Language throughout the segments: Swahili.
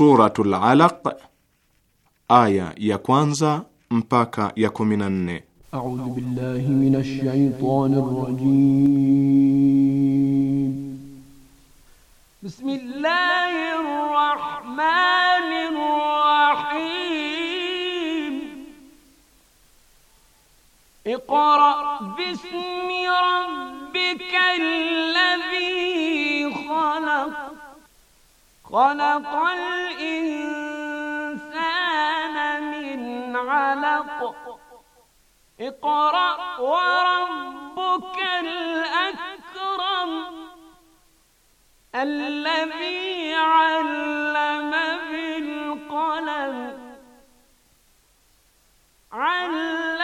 Suratul Alaq aya ya kwanza mpaka ya 14. A'udhu billahi minash shaitanir rajim. Bismillahir rahmanir rahim. Iqra bismi rabbikal ladhi خلق الإنسان من علق اقرأ وربك الأكرم الذي علم بالقلم علم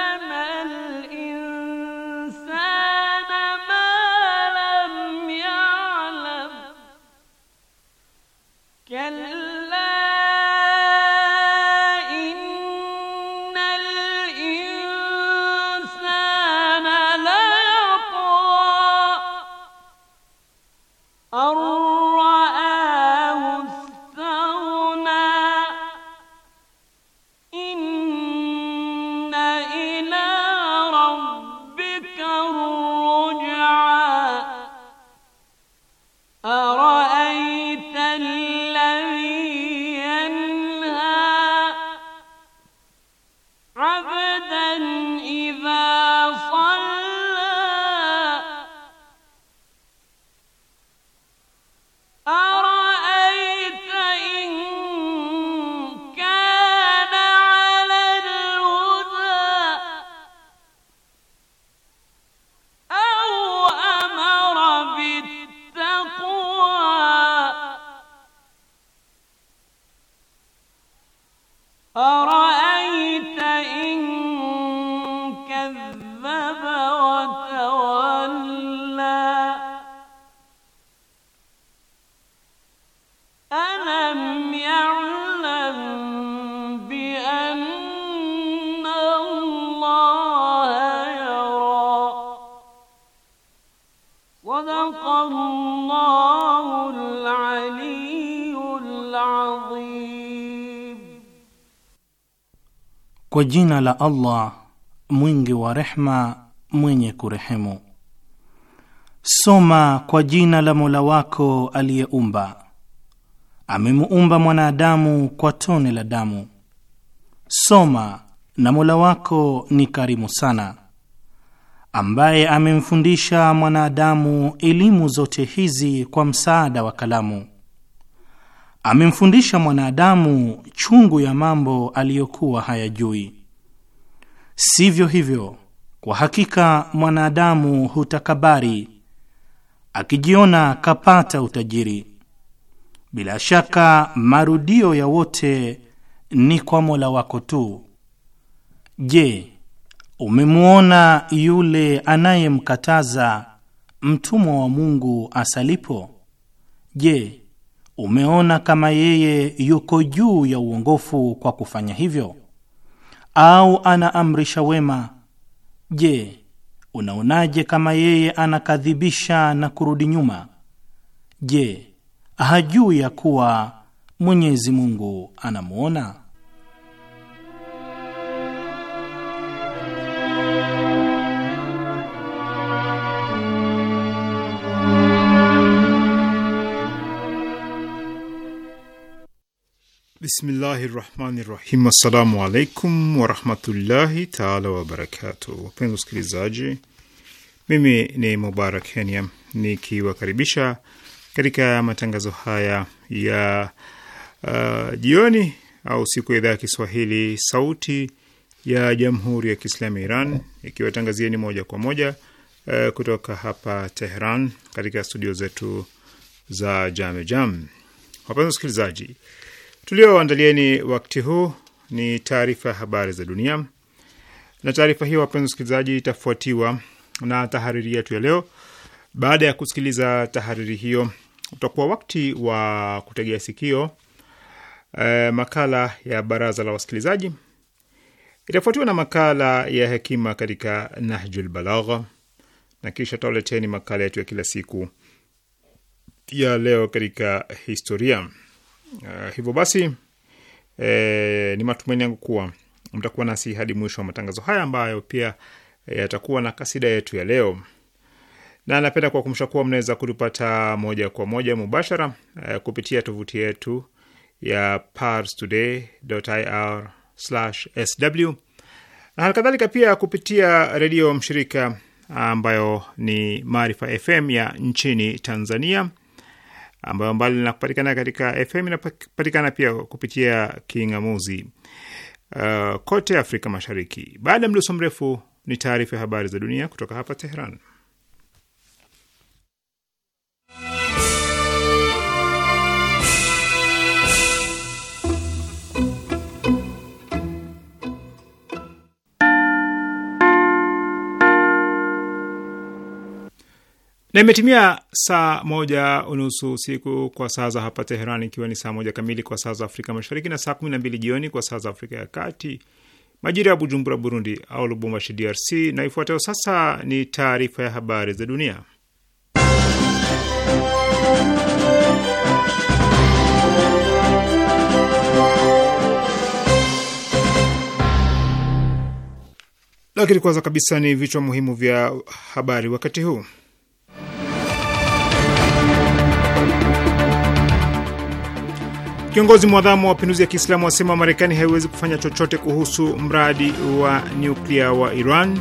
كذب وتولى ألم يعلم بأن الله يرى صدق الله العلي العظيم kwa jina la Allah mwingi wa rehma, mwenye kurehemu. Soma kwa jina la Mola wako aliyeumba. Amemuumba mwanadamu kwa tone la damu. Soma, na Mola wako ni karimu sana, ambaye amemfundisha mwanadamu elimu zote hizi kwa msaada wa kalamu. Amemfundisha mwanadamu chungu ya mambo aliyokuwa hayajui. Sivyo hivyo, kwa hakika mwanadamu hutakabari akijiona kapata utajiri. Bila shaka marudio ya wote ni kwa Mola wako tu. Je, umemwona yule anayemkataza mtumwa wa Mungu asalipo? Je, umeona kama yeye yuko juu ya uongofu kwa kufanya hivyo? au anaamrisha wema. Je, unaonaje kama yeye anakadhibisha na kurudi nyuma? Je, hajui ya kuwa Mwenyezi Mungu anamwona? Bismillahi rahmani rahim. Assalamu alaikum warahmatullahi taala wabarakatuh. Wapenzi wasikilizaji, mimi ni Mubarak Kenya nikiwakaribisha katika matangazo haya ya uh, jioni au siku ya idhaa ya Kiswahili sauti ya jamhuri ya Kiislamu ya Iran ikiwatangazieni moja kwa moja uh, kutoka hapa Tehran katika studio zetu za Jamejam. Wapenzi wasikilizaji tulioandalieni wakati huu ni taarifa ya habari za dunia, na taarifa hiyo, wapenzi wasikilizaji, itafuatiwa na tahariri yetu ya leo. Baada ya kusikiliza tahariri hiyo, utakuwa wakati wa kutegea sikio eh, makala ya baraza la wasikilizaji, itafuatiwa na makala ya hekima katika Nahjul Balagha na kisha tutawaleteni makala yetu ya kila siku ya leo katika historia. Eh, hivyo basi e, ni matumaini yangu kuwa mtakuwa nasi hadi mwisho wa matangazo haya ambayo pia eh, yatakuwa na kasida yetu ya leo, na napenda kuwakumbusha kuwa mnaweza kutupata moja kwa moja mubashara e, kupitia tovuti yetu ya parstoday.ir/sw na halikadhalika pia kupitia redio mshirika ambayo ni Maarifa FM ya nchini Tanzania ambayo mbali na kupatikana katika FM inapatikana pia kupitia king'amuzi uh, kote Afrika Mashariki. Baada ya mdoso mrefu ni taarifa ya habari za dunia kutoka hapa Teheran. Na imetimia saa moja unusu usiku kwa saa za hapa Teheran, ikiwa ni saa moja kamili kwa saa za Afrika Mashariki na saa kumi na mbili jioni kwa saa za Afrika ya Kati, majira ya Bujumbura, Burundi au Lubumbashi, DRC. Na ifuatayo sasa ni taarifa ya habari za dunia. Lakini kwanza kabisa ni vichwa muhimu vya habari wakati huu. Kiongozi mwadhamu wa mapinduzi ya Kiislamu wasema Marekani haiwezi kufanya chochote kuhusu mradi wa nyuklia wa Iran.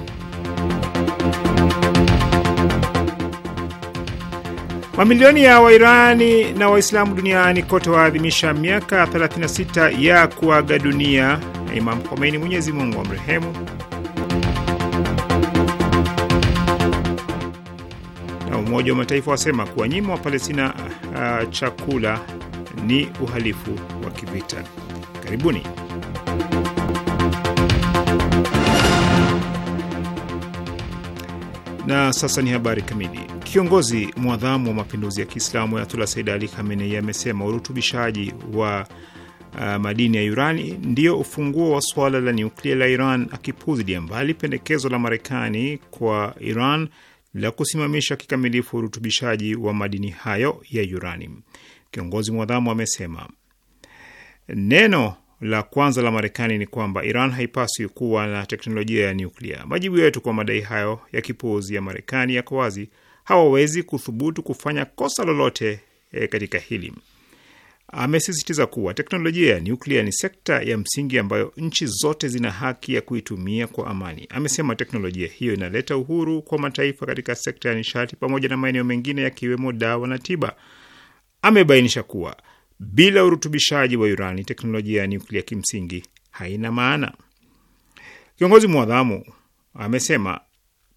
Mamilioni ya Wairani na Waislamu duniani kote waadhimisha miaka 36 ya kuaga dunia na Imam Khomeini, Mwenyezi Mungu amrehemu. Na Umoja wa Mataifa wasema kuwanyima Wapalestina uh, chakula ni uhalifu wa kivita. Karibuni. Na sasa ni habari kamili. Kiongozi mwadhamu wa mapinduzi ya Kiislamu Ayatullah Said Ali Khamenei amesema urutubishaji wa uh, madini ya urani ndio ufunguo wa suala la nyuklia la Iran, akipuzilia mbali pendekezo la Marekani kwa Iran la kusimamisha kikamilifu urutubishaji wa madini hayo ya urani. Kiongozi mwadhamu amesema neno la kwanza la Marekani ni kwamba Iran haipaswi kuwa na teknolojia ya nyuklia. Majibu yetu kwa madai hayo ya kipuuzi ya Marekani yako wazi, hawawezi kuthubutu kufanya kosa lolote e, katika hili. Amesisitiza kuwa teknolojia ya nyuklia ni sekta ya msingi ambayo nchi zote zina haki ya kuitumia kwa amani. Amesema teknolojia hiyo inaleta uhuru kwa mataifa katika sekta ya nishati pamoja na maeneo mengine yakiwemo dawa na tiba amebainisha kuwa bila urutubishaji wa urani teknolojia ya nyuklia kimsingi haina maana. Kiongozi mwadhamu amesema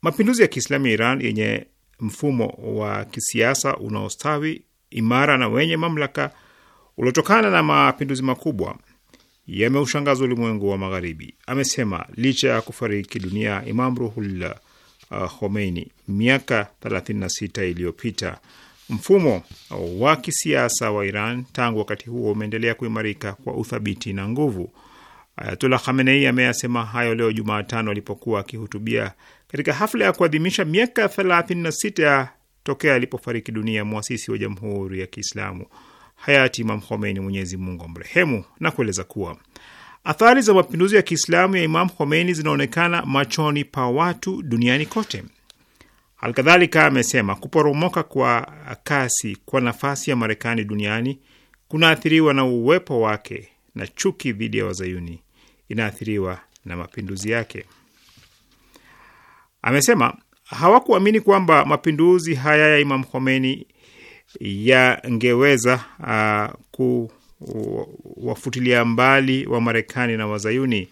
mapinduzi ya Kiislamu ya Iran yenye mfumo wa kisiasa unaostawi imara na wenye mamlaka uliotokana na mapinduzi makubwa yameushangaza ulimwengu wa Magharibi. Amesema licha ya kufariki dunia Imam Ruhullah uh, Khomeini miaka 36 iliyopita Mfumo wa kisiasa wa Iran tangu wakati huo umeendelea kuimarika kwa uthabiti na nguvu. Ayatullah Khamenei ameyasema hayo leo Jumatano alipokuwa akihutubia katika hafla ya kuadhimisha miaka 36 tokea alipofariki dunia mwasisi wa Jamhuri ya Kiislamu hayati Imam Khomeini, Mwenyezi Mungu amrehemu, na kueleza kuwa athari za mapinduzi ya Kiislamu ya Imam Khomeini zinaonekana machoni pa watu duniani kote. Alkadhalika amesema kuporomoka kwa kasi kwa nafasi ya Marekani duniani kunaathiriwa na uwepo wake na chuki dhidi ya wazayuni inaathiriwa na mapinduzi yake. Amesema hawakuamini kwamba mapinduzi haya ya Imam Khomeini yangeweza uh, kuwafutilia mbali wa Marekani na wazayuni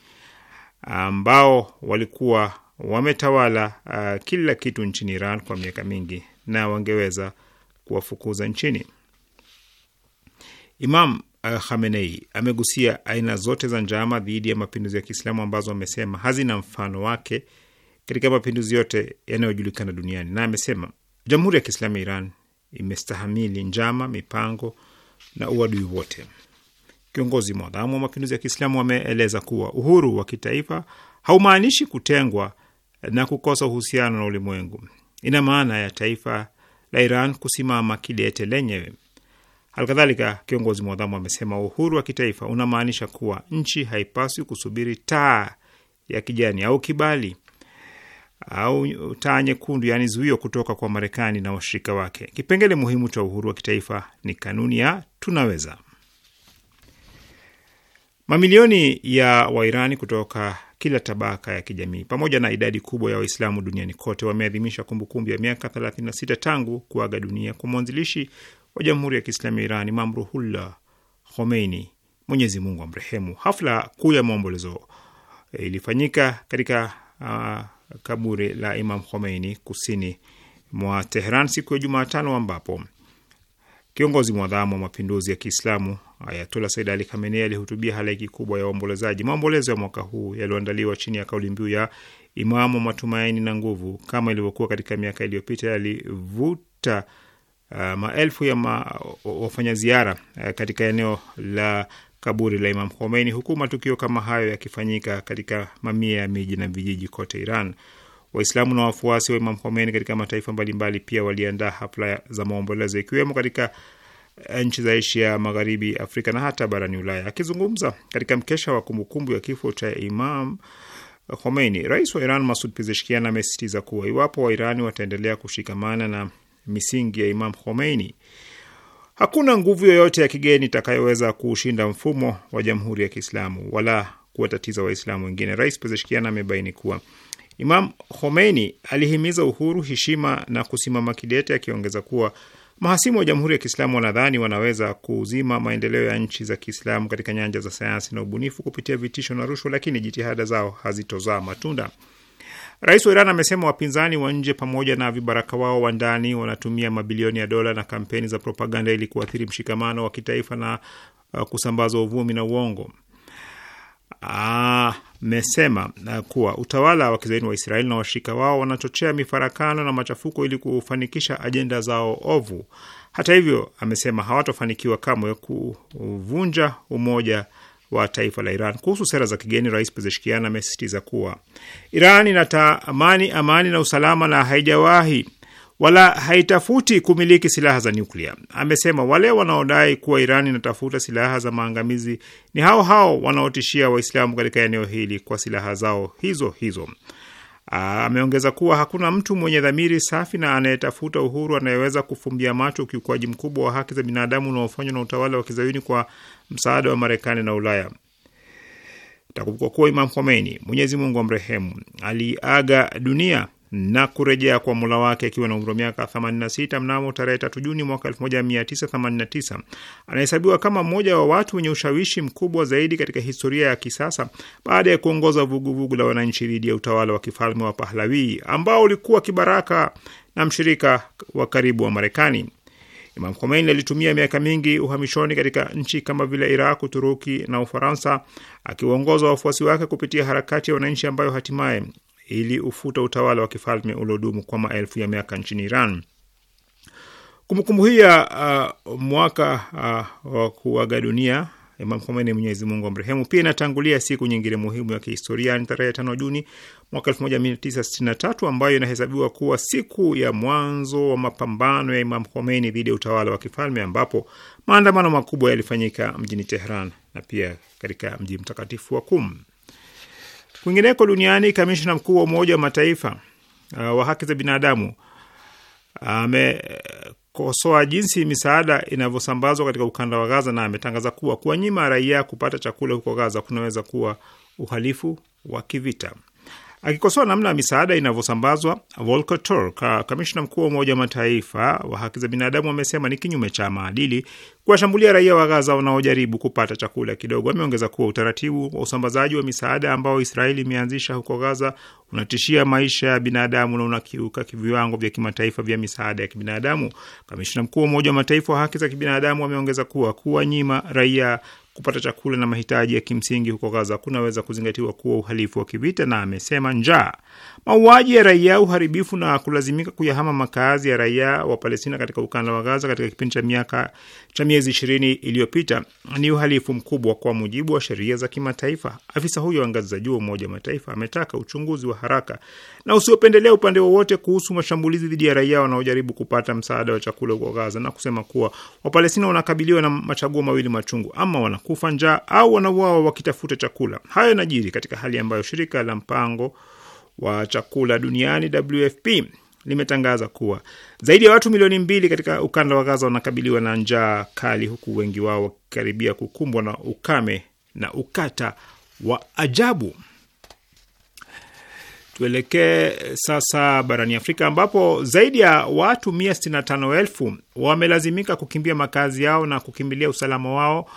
ambao walikuwa wametawala uh, kila kitu nchini Iran kwa miaka mingi na wangeweza kuwafukuza nchini. Imam uh, Khamenei amegusia aina zote za njama dhidi ya mapinduzi ya Kiislamu ambazo amesema hazina mfano wake katika mapinduzi yote yanayojulikana duniani, na amesema Jamhuri ya Kiislamu ya Iran imestahamili njama, mipango na uadui wote. Kiongozi mwadhamu wa mapinduzi ya Kiislamu ameeleza kuwa uhuru wa kitaifa haumaanishi kutengwa na kukosa uhusiano na ulimwengu. Ina maana ya taifa la Iran kusimama kidete lenyewe. alkadhalika kiongozi mwadhamu amesema uhuru wa kitaifa unamaanisha kuwa nchi haipaswi kusubiri taa ya kijani au kibali au taa nyekundu, yaani zuio kutoka kwa Marekani na washirika wake. Kipengele muhimu cha uhuru wa kitaifa ni kanuni ya tunaweza. Mamilioni ya Wairani kutoka kila tabaka ya kijamii. Pamoja na idadi kubwa ya Waislamu duniani kote, wameadhimisha kumbukumbu ya miaka 36 tangu kuaga dunia kwa mwanzilishi wa Jamhuri ya Kiislamu ya Irani, Mamruhullah Khomeini, Mwenyezi Mungu amrehemu. Hafla kuu ya maombolezo eh, ilifanyika katika uh, kaburi la Imam Khomeini kusini mwa Tehran siku ya Jumatano ambapo kiongozi mwadhamu wa mapinduzi ya Kiislamu Ayatullah Said Ali Khamenei alihutubia halaiki kubwa ya waombolezaji. Maombolezo ya mwaka huu yaliyoandaliwa chini ya kauli mbiu ya Imamu, matumaini na nguvu, kama ilivyokuwa katika miaka iliyopita, yalivuta uh, maelfu ya ma, wafanyaziara uh, katika eneo la kaburi la Imam Khomeini, huku matukio kama hayo yakifanyika katika mamia ya miji na vijiji kote Iran. Waislamu na wafuasi wa Imam Khomeini katika mataifa mbalimbali pia waliandaa hafla za maombolezo ikiwemo katika Eh, nchi za Asia Magharibi, Afrika na hata barani Ulaya. Akizungumza katika mkesha wa kumbukumbu ya kifo cha Imam Khomeini, rais wa Iran Masud Pezeshkian amesisitiza kuwa iwapo Wairani wataendelea kushikamana na misingi ya Imam Khomeini, hakuna nguvu yoyote ya kigeni itakayoweza kuushinda mfumo wa Jamhuri ya Kiislamu wala kuwatatiza Waislamu wengine. Rais Pezeshkian amebaini kuwa Imam Khomeini alihimiza uhuru, heshima na kusimama kidete, akiongeza kuwa Mahasimu wa Jamhuri ya Kiislamu wanadhani wanaweza kuzima maendeleo ya nchi za Kiislamu katika nyanja za sayansi na ubunifu kupitia vitisho na rushwa, lakini jitihada zao hazitozaa matunda. Rais wa Iran amesema wapinzani wa nje pamoja na vibaraka wao wa ndani wanatumia mabilioni ya dola na kampeni za propaganda ili kuathiri mshikamano wa kitaifa na uh, kusambaza uvumi na uongo. Ah, amesema kuwa utawala wa kizaini wa Israeli na washirika wao wanachochea mifarakano na machafuko ili kufanikisha ajenda zao ovu. Hata hivyo, amesema hawatofanikiwa kamwe kuvunja umoja wa taifa la Iran. Kuhusu sera za kigeni, Rais Pezeshkian amesisitiza kuwa Iran inatamani amani na usalama na haijawahi wala haitafuti kumiliki silaha za nyuklia. Amesema wale wanaodai kuwa Iran inatafuta silaha za maangamizi ni hao hao wanaotishia Waislamu katika eneo hili kwa silaha zao hizo hizo. Ameongeza kuwa hakuna mtu mwenye dhamiri safi na anayetafuta uhuru anayeweza kufumbia macho ukiukwaji mkubwa wa haki za binadamu unaofanywa na utawala wa kizayuni kwa msaada wa Marekani na Ulaya. Itakumbukwa kuwa Imam Khomeini, Mwenyezi Mungu amrehemu, aliaga dunia na kurejea kwa mula wake akiwa na umri wa miaka 86 mnamo tarehe 3 Juni mwaka 1989. Anahesabiwa kama mmoja wa watu wenye ushawishi mkubwa zaidi katika historia ya kisasa baada ya kuongoza vuguvugu la wananchi dhidi ya utawala wa kifalme wa Pahlavi ambao ulikuwa kibaraka na mshirika wa karibu wa Marekani. Imam Khomeini alitumia miaka mingi uhamishoni katika nchi kama vile Iraq, Uturuki na Ufaransa, akiwaongoza wafuasi wake kupitia harakati ya wananchi ambayo hatimaye iliufuta utawala wa kifalme uliodumu kwa maelfu ya miaka nchini Iran. Kumbukumbu hii ya uh, mwaka uh, wa kuaga dunia Imam Khomeini, Mwenyezi Mungu amrehemu, pia inatangulia siku nyingine muhimu ya kihistoria, ni tarehe 5 Juni mwaka 1963 ambayo inahesabiwa kuwa siku ya mwanzo wa mapambano ya Imam Khomeini dhidi ya utawala wa kifalme, ambapo maandamano makubwa yalifanyika mjini Tehran na pia katika mji mtakatifu wa Kum. Kwingineko duniani, kamishna mkuu wa Umoja wa Mataifa uh, wa haki za binadamu amekosoa uh, jinsi misaada inavyosambazwa katika ukanda wa Gaza na ametangaza kuwa kuwanyima raia kupata chakula huko Gaza kunaweza kuwa uhalifu wa kivita. Akikosoa namna misaada inavyosambazwa, Volker Turk, ah, kamishna mkuu wa Umoja wa Mataifa wa haki za binadamu, amesema ni kinyume cha maadili kuwashambulia raia wa Gaza wanaojaribu kupata chakula kidogo. Ameongeza kuwa utaratibu wa usambazaji wa misaada ambao Israeli imeanzisha huko Gaza unatishia maisha ya binadamu na unakiuka viwango vya kimataifa vya misaada ya kibinadamu. Kamishna mkuu wa Umoja wa Mataifa wa haki za kibinadamu ameongeza kuwa kuwa nyima raia kupata chakula na mahitaji ya kimsingi huko Gaza kunaweza kuzingatiwa kuwa uhalifu wa kivita, na amesema njaa, mauaji ya raia, uharibifu na kulazimika kuyahama makazi ya raia wa Palestina katika ukanda wa Gaza katika kipindi cha miaka cha miezi ishirini iliyopita ni uhalifu mkubwa kwa mujibu wa sheria za kimataifa. Afisa huyo wa ngazi za juu wa Umoja wa Mataifa ametaka uchunguzi wa haraka na usiopendelea upande wowote kuhusu mashambulizi dhidi ya raia wanaojaribu kupata msaada wa chakula huko Gaza na kusema kuwa Wapalestina wanakabiliwa na machaguo mawili machungu, ama wana kufa njaa au wanauawa wakitafuta chakula. Hayo yanajiri katika hali ambayo shirika la mpango wa chakula duniani WFP limetangaza kuwa zaidi ya watu milioni mbili katika ukanda wa Gaza wanakabiliwa na njaa kali, huku wengi wao wakikaribia kukumbwa na ukame na ukata wa ajabu. Tuelekee sasa barani Afrika ambapo zaidi ya watu 165,000 wamelazimika kukimbia makazi yao na kukimbilia usalama wao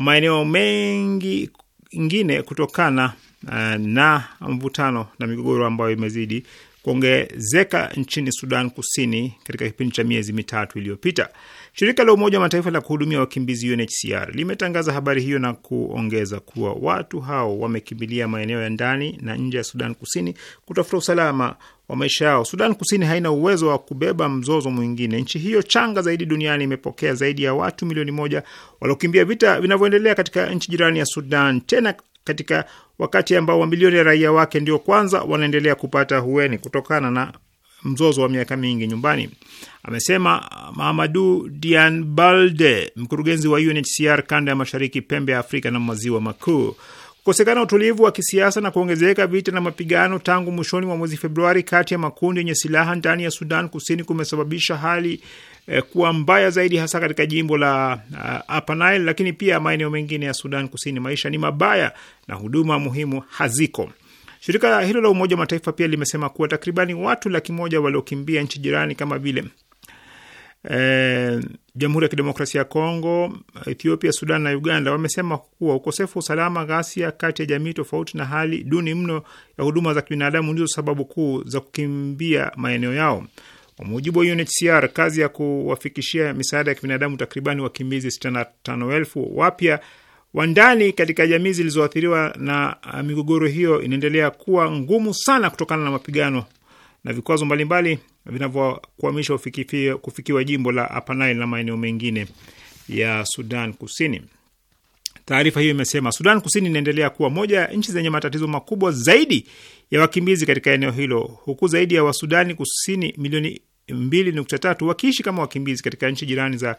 maeneo mengi ingine kutokana eh, na mvutano na migogoro ambayo imezidi kuongezeka nchini Sudan Kusini katika kipindi cha miezi mitatu iliyopita. Shirika la Umoja wa Mataifa la kuhudumia wakimbizi UNHCR limetangaza habari hiyo na kuongeza kuwa watu hao wamekimbilia maeneo ya ndani na nje ya Sudan Kusini kutafuta usalama wa maisha yao. Sudan Kusini haina uwezo wa kubeba mzozo mwingine. Nchi hiyo changa zaidi duniani imepokea zaidi ya watu milioni moja waliokimbia vita vinavyoendelea katika nchi jirani ya Sudan, tena katika wakati ambao mamilioni ya raia wake ndio kwanza wanaendelea kupata hueni kutokana na mzozo wa miaka mingi nyumbani, amesema Mahamadu Dianbalde, mkurugenzi wa UNHCR kanda ya mashariki, pembe ya Afrika na maziwa makuu. Kukosekana utulivu wa kisiasa na kuongezeka vita na mapigano tangu mwishoni mwa mwezi Februari kati ya makundi yenye silaha ndani ya Sudan Kusini kumesababisha hali eh, kuwa mbaya zaidi, hasa katika jimbo la uh, Upper Nile, lakini pia maeneo mengine ya Sudan Kusini. Maisha ni mabaya na huduma muhimu haziko. Shirika hilo la Umoja wa Mataifa pia limesema kuwa takribani watu laki moja waliokimbia nchi jirani kama vile Eh, Jamhuri ya Kidemokrasia ya Kongo, Ethiopia, Sudan na Uganda wamesema kuwa ukosefu wa usalama, ghasia kati ya jamii tofauti na hali duni mno ya huduma za kibinadamu ndizo sababu kuu za kukimbia maeneo yao. Kwa mujibu wa UNHCR, kazi ya kuwafikishia misaada ya kibinadamu takribani wakimbizi 65,000 wapya wa ndani katika jamii zilizoathiriwa na migogoro hiyo inaendelea kuwa ngumu sana kutokana na mapigano na vikwazo mbalimbali vinavyokwamisha kufikiwa jimbo la Upper Nile na maeneo mengine ya Sudan Kusini. Taarifa hiyo imesema Sudan Kusini inaendelea kuwa moja ya nchi zenye matatizo makubwa zaidi ya wakimbizi katika eneo hilo, huku zaidi ya Wasudani Kusini milioni 2.3 wakiishi kama wakimbizi katika nchi jirani za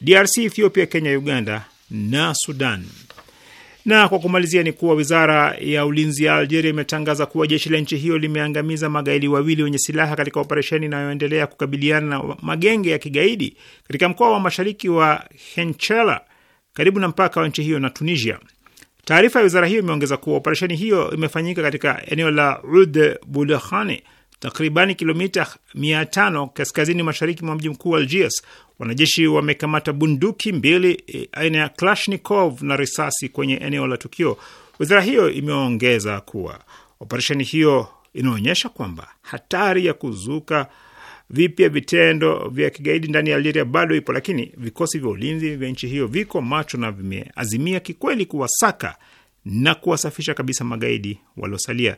DRC, Ethiopia, Kenya, Uganda na Sudan. Na kwa kumalizia ni kuwa wizara ya ulinzi ya Algeria imetangaza kuwa jeshi la nchi hiyo limeangamiza magaidi wawili wenye silaha katika operesheni inayoendelea kukabiliana na magenge ya kigaidi katika mkoa wa mashariki wa Henchela karibu na mpaka wa nchi hiyo na Tunisia. Taarifa ya wizara hiyo imeongeza kuwa operesheni hiyo imefanyika katika eneo la Ud Bulakhane takribani kilomita 500 kaskazini mashariki mwa mji mkuu wa Algiers, wanajeshi wamekamata bunduki mbili e, aina ya Klashnikov na risasi kwenye eneo la tukio. Wizara hiyo imeongeza kuwa operesheni hiyo inaonyesha kwamba hatari ya kuzuka vipya vitendo vya kigaidi ndani ya Algeria bado ipo, lakini vikosi vya ulinzi vya nchi hiyo viko macho na vimeazimia kikweli kuwasaka na kuwasafisha kabisa magaidi waliosalia.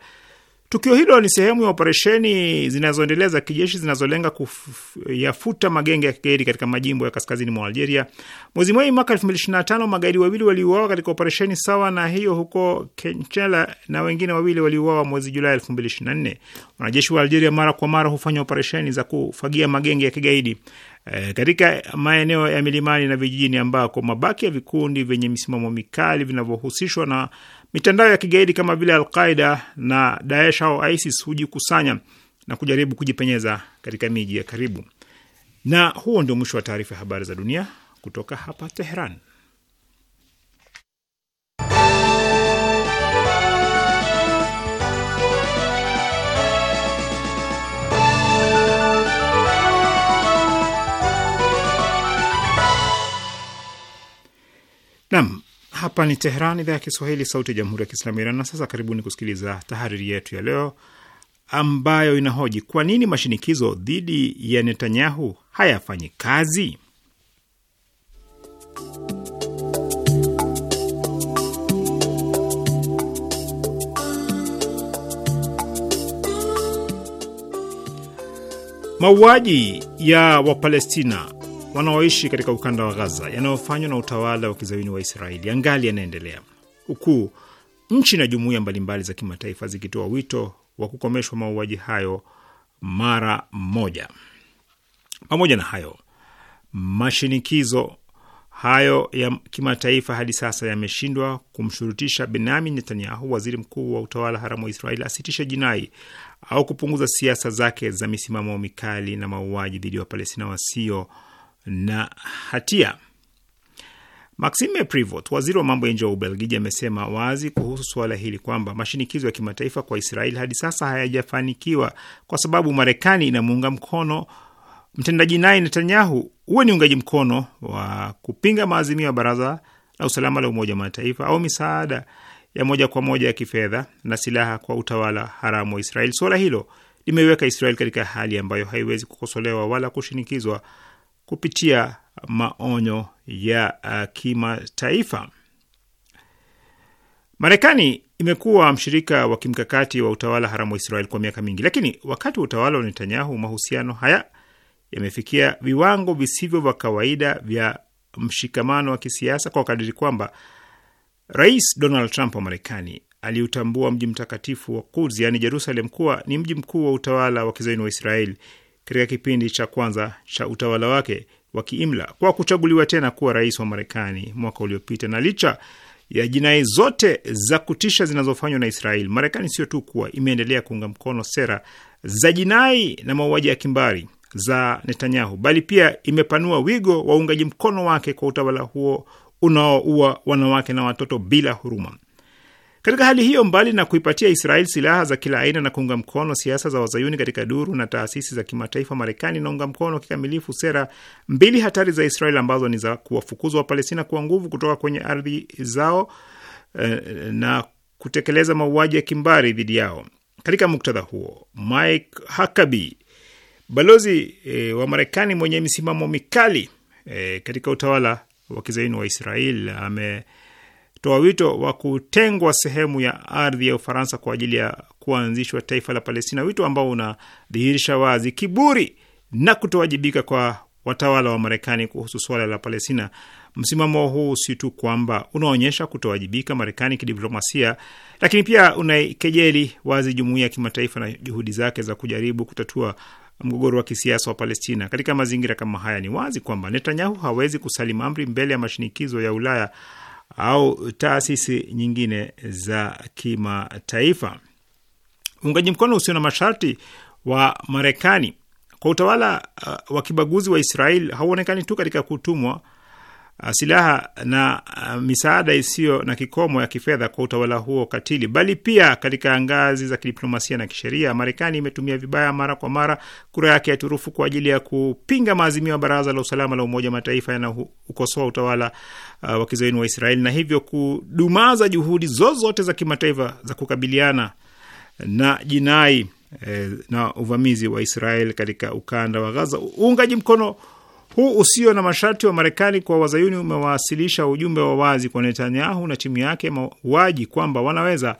Tukio hilo ni sehemu ya operesheni zinazoendelea za kijeshi zinazolenga kuyafuta magenge ya kigaidi katika majimbo ya kaskazini mwa Algeria. Mwezi Mei mwaka 2025 magaidi wawili waliuawa katika operesheni sawa na hiyo huko Kenchela na wengine wawili waliuawa mwezi Julai 2024. Wanajeshi wa Algeria mara kwa mara hufanya operesheni za kufagia magenge ya kigaidi Eh, katika maeneo ya milimani na vijijini ambako mabaki ya vikundi vyenye misimamo mikali vinavyohusishwa na mitandao ya kigaidi kama vile Alqaida na Daesh au ISIS hujikusanya na kujaribu kujipenyeza katika miji ya karibu. Na huo ndio mwisho wa taarifa ya habari za dunia kutoka hapa teheran Hapa ni teheran idhaa ya Kiswahili, sauti ya jamhuri ya kiislamu ya Iran. Na sasa karibuni kusikiliza tahariri yetu ya leo ambayo inahoji kwa nini mashinikizo dhidi ya Netanyahu hayafanyi kazi. Mauaji ya Wapalestina wanaoishi katika ukanda wa Gaza yanayofanywa na utawala wa kizawini wa Israeli yangali yanaendelea, huku nchi na jumuiya mbalimbali za kimataifa zikitoa wito wa kukomeshwa mauaji hayo mara moja. Pamoja na hayo, mashinikizo hayo ya kimataifa hadi sasa yameshindwa kumshurutisha Benyamin Netanyahu, waziri mkuu wa utawala haramu wa Israeli, asitishe jinai au kupunguza siasa zake za misimamo mikali na mauaji dhidi ya Wapalestina wasio na hatia. Maxime Prevot, waziri wa mambo ya nje wa Ubelgiji, amesema wazi kuhusu suala hili kwamba mashinikizo ya kimataifa kwa israel hadi sasa hayajafanikiwa kwa sababu Marekani inamuunga mkono mtendaji naye Netanyahu. Huwe ni uungaji mkono wa kupinga maazimio ya Baraza la Usalama la Umoja wa Mataifa au misaada ya moja kwa moja ya kifedha na silaha kwa utawala haramu wa israel Suala hilo limeiweka israel katika hali ambayo haiwezi kukosolewa wala kushinikizwa kupitia maonyo ya uh, kimataifa. Marekani imekuwa mshirika wa kimkakati wa utawala haramu wa Israel kwa miaka mingi, lakini wakati wa utawala wa Netanyahu mahusiano haya yamefikia viwango visivyo vya kawaida vya mshikamano wa kisiasa kwa kadiri kwamba Rais Donald Trump wa Marekani aliutambua mji mtakatifu wa Quds, yaani Jerusalem, kuwa ni mji mkuu wa utawala wa kizaini wa Israeli katika kipindi cha kwanza cha utawala wake wa kiimla kwa kuchaguliwa tena kuwa rais wa Marekani mwaka uliopita. Na licha ya jinai zote za kutisha zinazofanywa na Israeli, Marekani sio tu kuwa imeendelea kuunga mkono sera za jinai na mauaji ya kimbari za Netanyahu, bali pia imepanua wigo wa uungaji mkono wake kwa utawala huo unaoua wanawake na watoto bila huruma. Katika hali hiyo, mbali na kuipatia Israel silaha za kila aina na kuunga mkono siasa za wazayuni katika duru na taasisi za kimataifa, Marekani inaunga mkono kikamilifu sera mbili hatari za Israel ambazo ni za kuwafukuzwa Wapalestina kwa nguvu kutoka kwenye ardhi zao eh, na kutekeleza mauaji ya kimbari dhidi yao. Katika muktadha huo, Mike Huckabee, balozi e, wa Marekani mwenye misimamo mikali e, katika utawala wa kizaini wa Israel ame toa wito wa kutengwa sehemu ya ardhi ya Ufaransa kwa ajili ya kuanzishwa taifa la Palestina, wito ambao unadhihirisha wazi kiburi na kutowajibika kwa watawala wa Marekani kuhusu suala la Palestina. Msimamo huu si tu kwamba unaonyesha kutowajibika Marekani kidiplomasia, lakini pia unaikejeli wazi jumuiya ya kimataifa na juhudi zake za kujaribu kutatua mgogoro wa kisiasa wa Palestina. Katika mazingira kama haya, ni wazi kwamba Netanyahu hawezi kusalim amri mbele ya mashinikizo ya Ulaya au taasisi nyingine za kimataifa. Uungaji mkono usio na masharti wa Marekani kwa utawala uh, wa kibaguzi wa Israel hauonekani tu katika kutumwa Uh, silaha na uh, misaada isiyo na kikomo ya kifedha kwa utawala huo katili, bali pia katika ngazi za kidiplomasia na kisheria. Marekani imetumia vibaya mara kwa mara kura yake ya turufu kwa ajili ya kupinga maazimio ya Baraza la Usalama la Umoja wa Mataifa yanaukosoa utawala uh, wa kizayuni wa Israeli na hivyo kudumaza juhudi zozote za kimataifa za kukabiliana na jinai eh, na uvamizi wa Israeli katika ukanda wa Gaza. Uungaji mkono huu usio na masharti wa Marekani kwa wazayuni umewasilisha ujumbe wa wazi kwa Netanyahu na timu yake mauaji kwamba wanaweza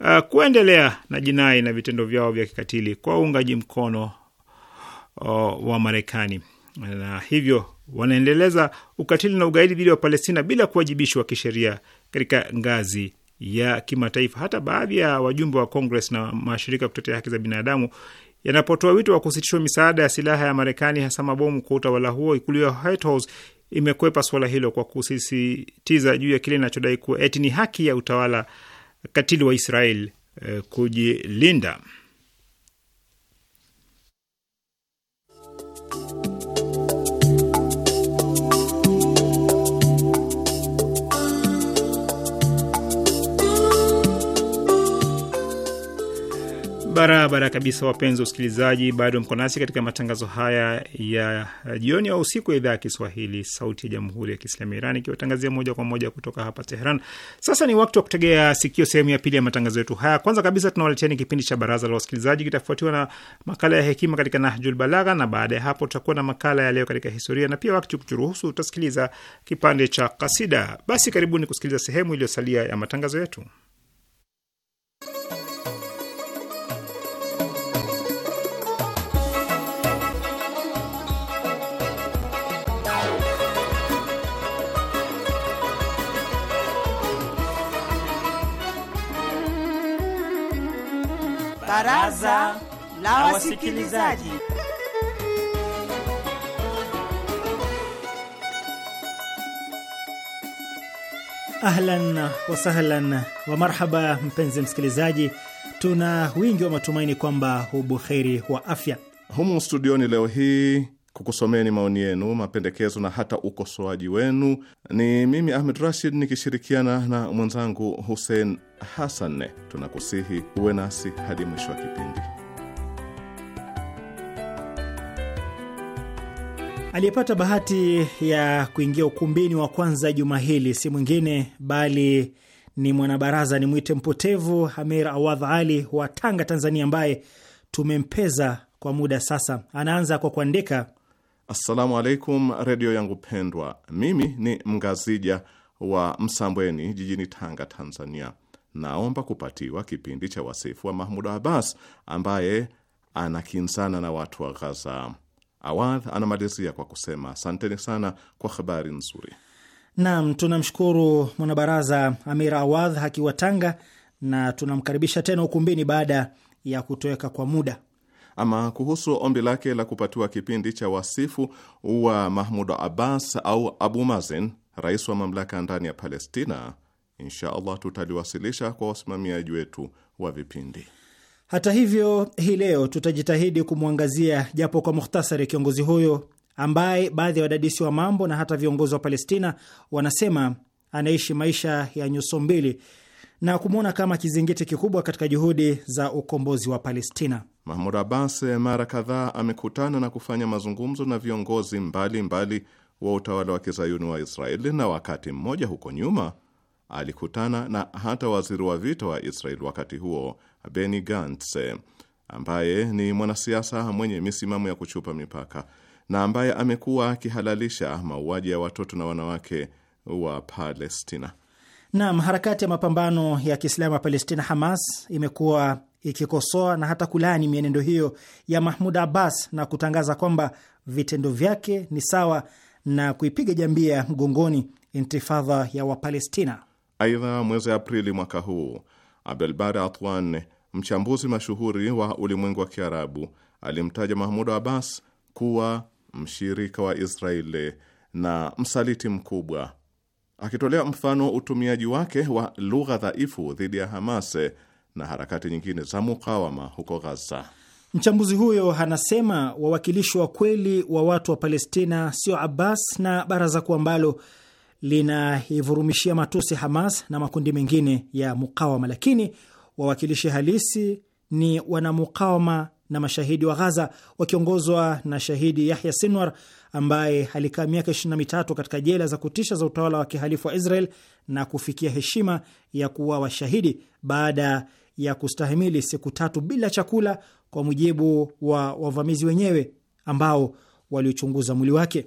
uh, kuendelea na jinai na vitendo vyao vya kikatili kwa uungaji mkono uh, wa Marekani na hivyo wanaendeleza ukatili na ugaidi dhidi ya Palestina bila kuwajibishwa kisheria katika ngazi ya kimataifa. Hata baadhi ya wajumbe wa kongres na mashirika ya kutetea haki za binadamu yanapotoa wito wa kusitishwa misaada ya silaha ya Marekani, hasa mabomu, kwa utawala huo. Ikulu ya White House imekwepa suala hilo kwa kusisitiza juu ya kile inachodai kuwa eti ni haki ya utawala katili wa Israel eh, kujilinda. Barabara kabisa, wapenzi usikilizaji bado mko nasi katika matangazo haya ya jioni au usiku ya idhaa ya Kiswahili sauti ya jamhuri ya kiislamu ya Iran ikiwatangazia moja kwa moja kutoka hapa Teheran. Sasa ni wakati wa kutegea sikio sehemu ya pili ya matangazo yetu haya. Kwanza kabisa, tunawaleteni kipindi cha baraza la wasikilizaji, kitafuatiwa na makala ya hekima katika Nahjul Balagha, na baada ya hapo tutakuwa na makala ya leo katika historia, na pia wakati kuturuhusu, utasikiliza kipande cha kasida. Basi karibuni kusikiliza sehemu iliyosalia ya matangazo yetu. Baraza la Wasikilizaji. Ahlan wasahlan wa marhaba, mpenzi msikilizaji, tuna wingi wa matumaini kwamba ubuheri wa afya. Humu studioni leo hii kukusomeni maoni yenu, mapendekezo na hata ukosoaji wenu. Ni mimi Ahmed Rashid nikishirikiana na mwenzangu Hussein Hasan. Tunakusihi uwe nasi hadi mwisho wa kipindi. Aliyepata bahati ya kuingia ukumbini wa kwanza juma hili si mwingine bali ni mwanabaraza ni mwite mpotevu Hamir Awadh Ali wa Tanga, Tanzania, ambaye tumempeza kwa muda sasa. Anaanza kwa kuandika: assalamu alaikum redio yangu pendwa, mimi ni mngazija wa Msambweni jijini Tanga, Tanzania naomba kupatiwa kipindi cha wasifu wa Mahmud Abbas ambaye anakinzana na watu wa Ghaza. Awadh anamalizia kwa kusema asanteni sana kwa habari nzuri. Naam, tunamshukuru mwanabaraza Amir Awadh akiwa Tanga, na tunamkaribisha tena ukumbini baada ya kutoweka kwa muda. Ama kuhusu ombi lake la kupatiwa kipindi cha wasifu wa Mahmud Abbas au Abu Mazin, rais wa mamlaka ndani ya Palestina, insha allah tutaliwasilisha kwa wasimamiaji wetu wa vipindi. Hata hivyo, hii leo tutajitahidi kumwangazia japo kwa mukhtasari kiongozi huyo ambaye baadhi ya wadadisi wa mambo na hata viongozi wa Palestina wanasema anaishi maisha ya nyuso mbili na kumwona kama kizingiti kikubwa katika juhudi za ukombozi wa Palestina. Mahmud Abbas eh, mara kadhaa amekutana na kufanya mazungumzo na viongozi mbalimbali mbali wa utawala wa kizayuni wa Israeli, na wakati mmoja huko nyuma alikutana na hata waziri wa vita wa Israel wakati huo Benny Gantz, ambaye ni mwanasiasa mwenye misimamo ya kuchupa mipaka na ambaye amekuwa akihalalisha mauaji ya watoto na wanawake wa Palestina. Naam, harakati ya mapambano ya Kiislamu ya Palestina Hamas imekuwa ikikosoa na hata kulaani mienendo hiyo ya Mahmud Abbas na kutangaza kwamba vitendo vyake ni sawa na kuipiga jambia mgongoni intifadha ya Wapalestina. Aidha, mwezi Aprili mwaka huu abdelbar Atwan, mchambuzi mashuhuri wa ulimwengu wa Kiarabu, alimtaja Mahmud Abbas kuwa mshirika wa Israeli na msaliti mkubwa, akitolea mfano utumiaji wake wa lugha dhaifu dhidi ya Hamas na harakati nyingine za mukawama huko Gaza. Mchambuzi huyo anasema wawakilishi wa kweli wa watu wa Palestina sio Abbas na baraza kuu ambalo linaivurumishia matusi Hamas na makundi mengine ya mukawama, lakini wawakilishi halisi ni wanamukawama na mashahidi wa Ghaza wakiongozwa na shahidi Yahya Sinwar ambaye alikaa miaka 23 katika jela za kutisha za utawala wa kihalifu wa Israel na kufikia heshima ya kuwa washahidi baada ya kustahimili siku tatu bila chakula, kwa mujibu wa wavamizi wenyewe ambao waliochunguza mwili wake.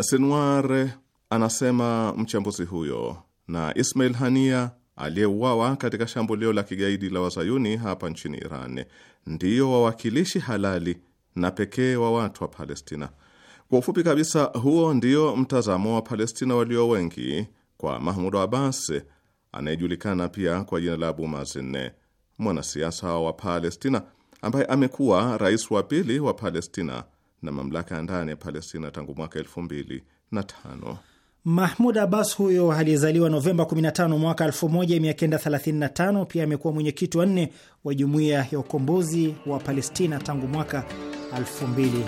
Sinwar anasema mchambuzi huyo, na Ismail Hania aliyeuawa katika shambulio la kigaidi la wazayuni hapa nchini Iran ndiyo wawakilishi halali na pekee wa watu wa Palestina. Kwa ufupi kabisa, huo ndio mtazamo wa Palestina walio wengi kwa Mahmud Abbas anayejulikana pia kwa jina la Abu Mazin, mwanasiasa wa Palestina ambaye amekuwa rais wa pili wa Palestina na mamlaka ya ndani ya Palestina tangu mwaka elfu mbili na tano. Mahmud Abbas huyo aliyezaliwa Novemba 15 mwaka 1935 pia amekuwa mwenyekiti wa nne wa jumuiya ya ukombozi wa Palestina tangu mwaka 2004.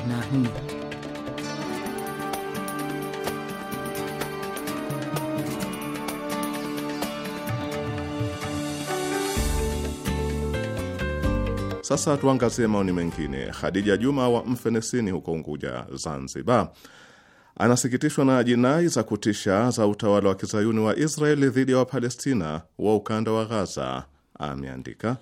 Sasa tuangazie maoni mengine. Khadija Juma wa Mfenesini huko Unguja, Zanzibar, anasikitishwa na jinai za kutisha za utawala wa kizayuni wa Israeli dhidi ya Wapalestina wa ukanda wa Ghaza. Ameandika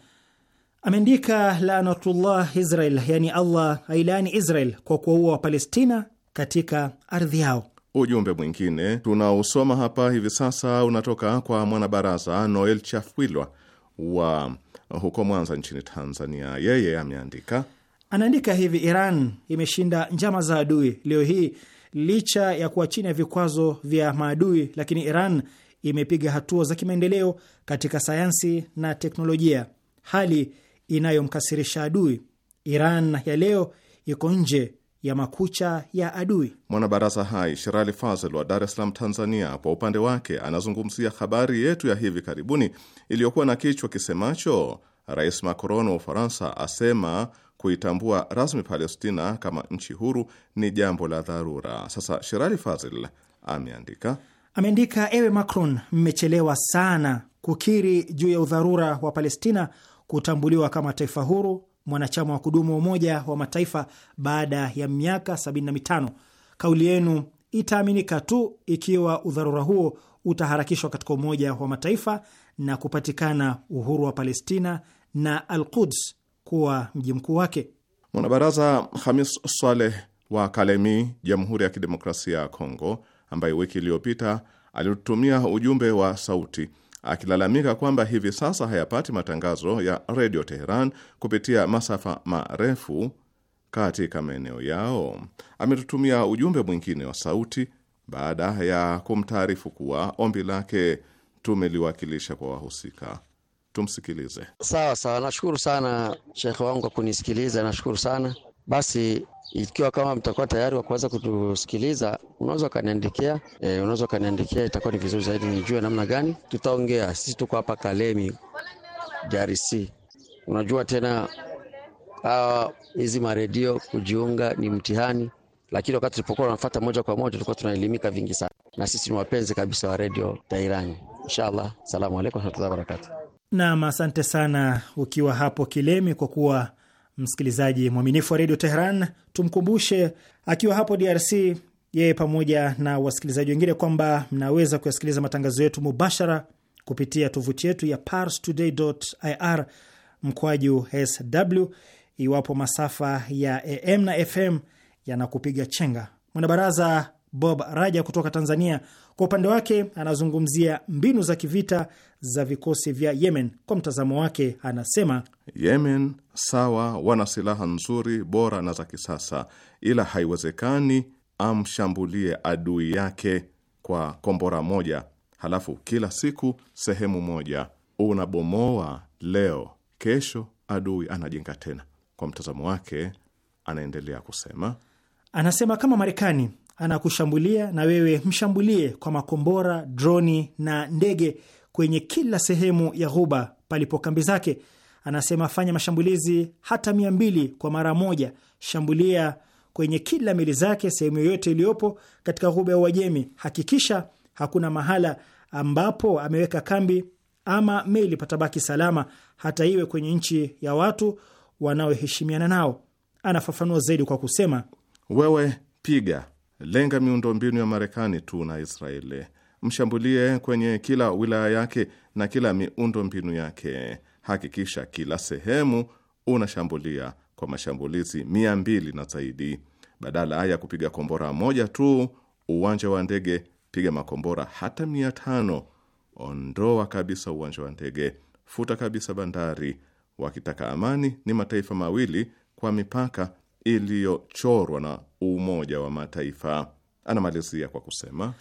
ameandika laanatullah Israel, yani Allah ailaani Israel kwa kuwaua Wapalestina katika ardhi yao. Ujumbe mwingine tunaosoma hapa hivi sasa unatoka kwa mwanabaraza Noel Chafwilwa wa huko Mwanza nchini Tanzania. Yeye ameandika anaandika hivi: Iran imeshinda njama za adui leo hii Licha ya kuwa chini ya vikwazo vya maadui, lakini Iran imepiga hatua za kimaendeleo katika sayansi na teknolojia, hali inayomkasirisha adui. Iran ya leo iko nje ya makucha ya adui. Mwanabaraza hai Shirali Fazl wa Dar es Salaam, Tanzania, kwa upande wake anazungumzia habari yetu ya hivi karibuni iliyokuwa na kichwa kisemacho Rais Macron wa Ufaransa asema kuitambua rasmi Palestina kama nchi huru ni jambo la dharura. Sasa Sherali Fazil ameandika ameandika, ewe Macron, mmechelewa sana kukiri juu ya udharura wa Palestina kutambuliwa kama taifa huru mwanachama wa kudumu wa Umoja wa Mataifa baada ya miaka 75. Kauli yenu itaaminika tu ikiwa udharura huo utaharakishwa katika Umoja wa Mataifa na kupatikana uhuru wa Palestina na Al Quds kuwa mji mkuu wake. Mwanabaraza Hamis swaleh wa Kalemi, Jamhuri ya Kidemokrasia ya Kongo, ambaye wiki iliyopita alitumia ujumbe wa sauti akilalamika kwamba hivi sasa hayapati matangazo ya redio Teheran kupitia masafa marefu katika maeneo yao, ametutumia ujumbe mwingine wa sauti baada ya kumtaarifu kuwa ombi lake tumeliwakilisha kwa wahusika tumsikilize. Sawa sawa, nashukuru sana shekhe wangu kwa kunisikiliza, nashukuru sana basi ikiwa kama mtakuwa tayari wa kuweza kutusikiliza, unaweza ukaniandikia e, unaweza ukaniandikia, itakuwa ni vizuri zaidi, nijue namna gani tutaongea. Sisi tuko hapa Kalemi, DRC. Unajua tena hizi uh, maredio kujiunga ni mtihani, lakini wakati tulipokuwa tunafuata moja kwa moja tulikuwa tunaelimika vingi sana, na sisi ni wapenzi kabisa wa redio Tairani. Inshallah, salamu alaikum warahmatullahi wabarakatuh. Nam, asante sana ukiwa hapo Kilemi, kwa kuwa msikilizaji mwaminifu wa redio Teheran. Tumkumbushe akiwa hapo DRC yeye pamoja na wasikilizaji wengine kwamba mnaweza kuyasikiliza matangazo yetu mubashara kupitia tovuti yetu ya parstoday.ir mkwaju sw, iwapo masafa ya AM na FM yanakupiga chenga. Mwanabaraza Bob Raja kutoka Tanzania, kwa upande wake anazungumzia mbinu za kivita za vikosi vya Yemen. Kwa mtazamo wake, anasema Yemen sawa, wana silaha nzuri, bora na za kisasa, ila haiwezekani amshambulie adui yake kwa kombora moja, halafu kila siku sehemu moja unabomoa. Leo kesho adui anajenga tena. Kwa mtazamo wake, anaendelea kusema, anasema kama Marekani anakushambulia na wewe mshambulie kwa makombora, droni na ndege kwenye kila sehemu ya ghuba palipo kambi zake. Anasema fanya mashambulizi hata mia mbili kwa mara moja, shambulia kwenye kila meli zake, sehemu yoyote iliyopo katika ghuba ya Uajemi. Hakikisha hakuna mahala ambapo ameweka kambi ama meli patabaki salama, hata iwe kwenye nchi ya watu wanaoheshimiana nao. Anafafanua zaidi kwa kusema, wewe piga lenga miundombinu ya Marekani tu na Israeli, mshambulie kwenye kila wilaya yake na kila miundo mbinu yake. Hakikisha kila sehemu unashambulia kwa mashambulizi mia mbili na zaidi, badala ya kupiga kombora moja tu. Uwanja wa ndege piga makombora hata mia tano. Ondoa kabisa uwanja wa ndege, futa kabisa bandari. Wakitaka amani, ni mataifa mawili kwa mipaka iliyochorwa na Umoja wa Mataifa. Anamalizia kwa kusema,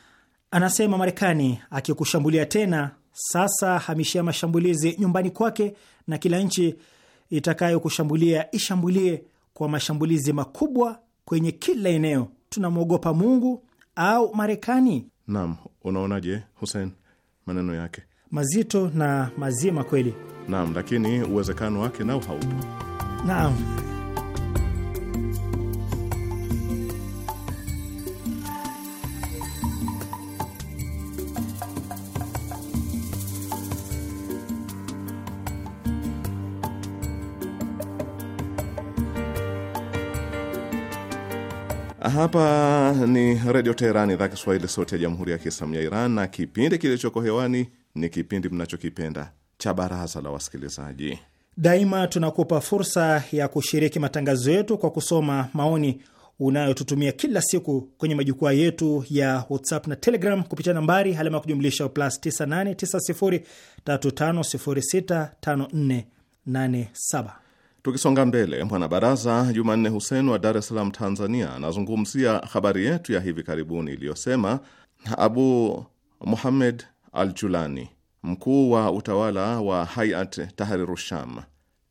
anasema Marekani akikushambulia tena sasa, hamishia mashambulizi nyumbani kwake, na kila nchi itakayokushambulia ishambulie kwa mashambulizi makubwa kwenye kila eneo. Tunamwogopa Mungu au Marekani? Naam, unaonaje Hussein? Maneno yake mazito na mazima kweli. Naam, lakini uwezekano wake nao haupo. Naam. Hapa ni Redio teheran idhaa Kiswahili, sauti ya Jamhuri ya Kiislamu ya Iran, na kipindi kilichoko hewani ni kipindi mnachokipenda cha Baraza la Wasikilizaji. Daima tunakupa fursa ya kushiriki matangazo yetu kwa kusoma maoni unayotutumia kila siku kwenye majukwaa yetu ya WhatsApp na Telegram kupitia nambari alama ya kujumlisha plus 989035065487. Tukisonga mbele, mwanabaraza Jumanne Hussein wa Dar es Salaam, Tanzania, anazungumzia habari yetu ya hivi karibuni iliyosema Abu Muhammed al Julani, mkuu wa utawala wa Hayat Tahrirusham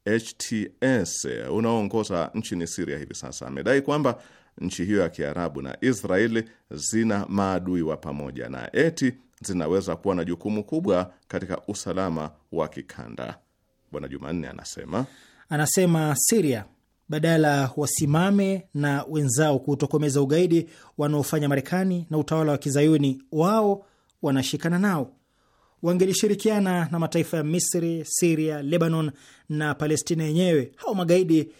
HTS unaoongoza nchini Siria hivi sasa, amedai kwamba nchi hiyo ya Kiarabu na Israeli zina maadui wa pamoja na eti zinaweza kuwa na jukumu kubwa katika usalama wa kikanda. Bwana Jumanne anasema anasema Siria badala wasimame na wenzao kutokomeza ugaidi wanaofanya Marekani na utawala wa Kizayuni, wao wanashikana nao. Wangelishirikiana na mataifa ya Misri, Siria, Lebanon na Palestina yenyewe, hao magaidi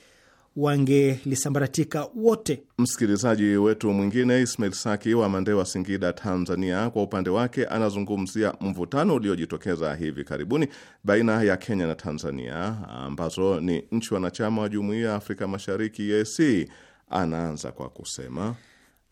wangelisambaratika wote. Msikilizaji wetu mwingine Ismail Saki wa Mandewa, Singida, Tanzania, kwa upande wake anazungumzia mvutano uliojitokeza hivi karibuni baina ya Kenya na Tanzania ambazo ni nchi wanachama wa Jumuiya ya Afrika Mashariki, EAC. Anaanza kwa kusema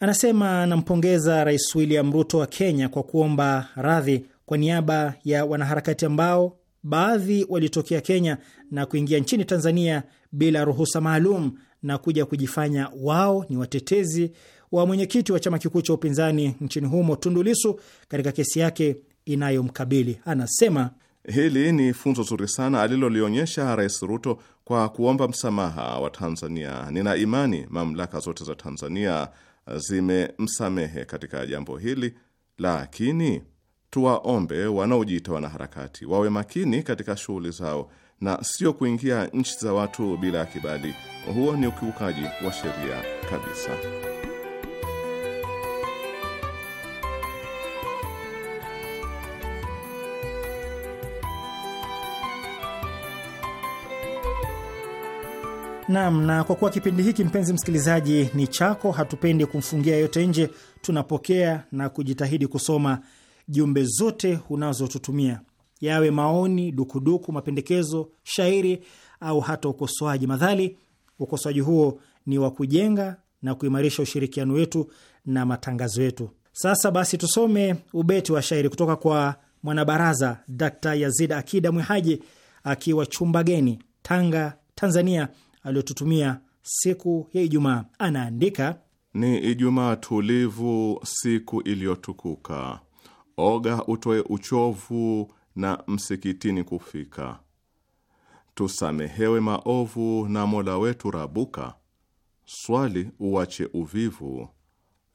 anasema anampongeza Rais William Ruto wa Kenya kwa kuomba radhi kwa niaba ya wanaharakati ambao baadhi walitokea Kenya na kuingia nchini Tanzania bila ruhusa maalum na kuja kujifanya wao ni watetezi wa mwenyekiti wa chama kikuu cha upinzani nchini humo Tundu Lissu katika kesi yake inayomkabili. Anasema hili ni funzo zuri sana alilolionyesha Rais Ruto kwa kuomba msamaha wa Tanzania. Nina imani mamlaka zote za Tanzania zimemsamehe katika jambo hili, lakini tuwaombe wanaojiita wanaharakati wawe makini katika shughuli zao na sio kuingia nchi za watu bila ya kibali. Huo ni ukiukaji wa sheria kabisa. Naam, na kwa kuwa kipindi hiki, mpenzi msikilizaji, ni chako, hatupendi kumfungia yote nje, tunapokea na kujitahidi kusoma jumbe zote unazotutumia, yawe maoni, dukuduku, mapendekezo, shairi au hata ukosoaji, madhali ukosoaji huo ni wa kujenga na kuimarisha ushirikiano wetu na matangazo yetu. Sasa basi, tusome ubeti wa shairi kutoka kwa mwanabaraza d Yazid Akida Mwehaji akiwa Chumbageni, Tanga, Tanzania, aliyotutumia siku ya Ijumaa. Anaandika: ni Ijumaa tulivu, siku iliyotukuka oga utoe uchovu na msikitini kufika, tusamehewe maovu na Mola wetu rabuka, swali uache uvivu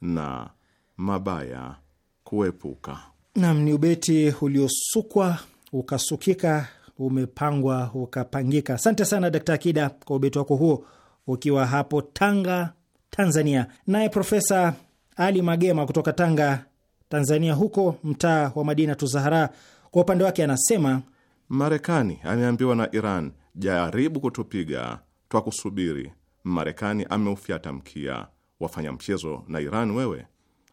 na mabaya kuepuka. Nam ni ubeti uliosukwa ukasukika, umepangwa ukapangika. Asante sana Dkt. Akida kwa ubeti wako huo, ukiwa hapo Tanga, Tanzania. Naye Profesa Ali Magema kutoka Tanga Tanzania, huko mtaa wa Madina Tuzahara. Kwa upande wake anasema Marekani ameambiwa na Iran, jaribu kutupiga, twa kusubiri Marekani ameufyata mkia, wafanya mchezo na Iran wewe,